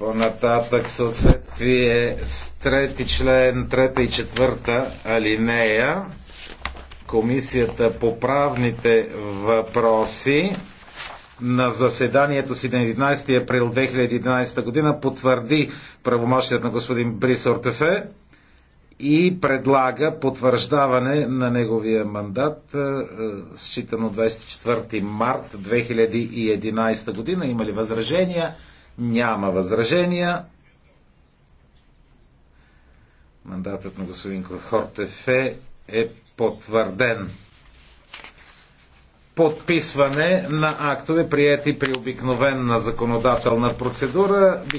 По-нататък в съответствие с трети член, трета и четвърта алинея, Комисията по правните въпроси на заседанието си на 11 април 2011 година потвърди правомощият на господин Брис Ортефе и предлага потвърждаване на неговия мандат е, е, считано 24 март 2011 година. Има ли възражения? Няма възражения. Мандатът на господин Хортефе е, е потвърден. Подписване на актове, приети при обикновена законодателна процедура,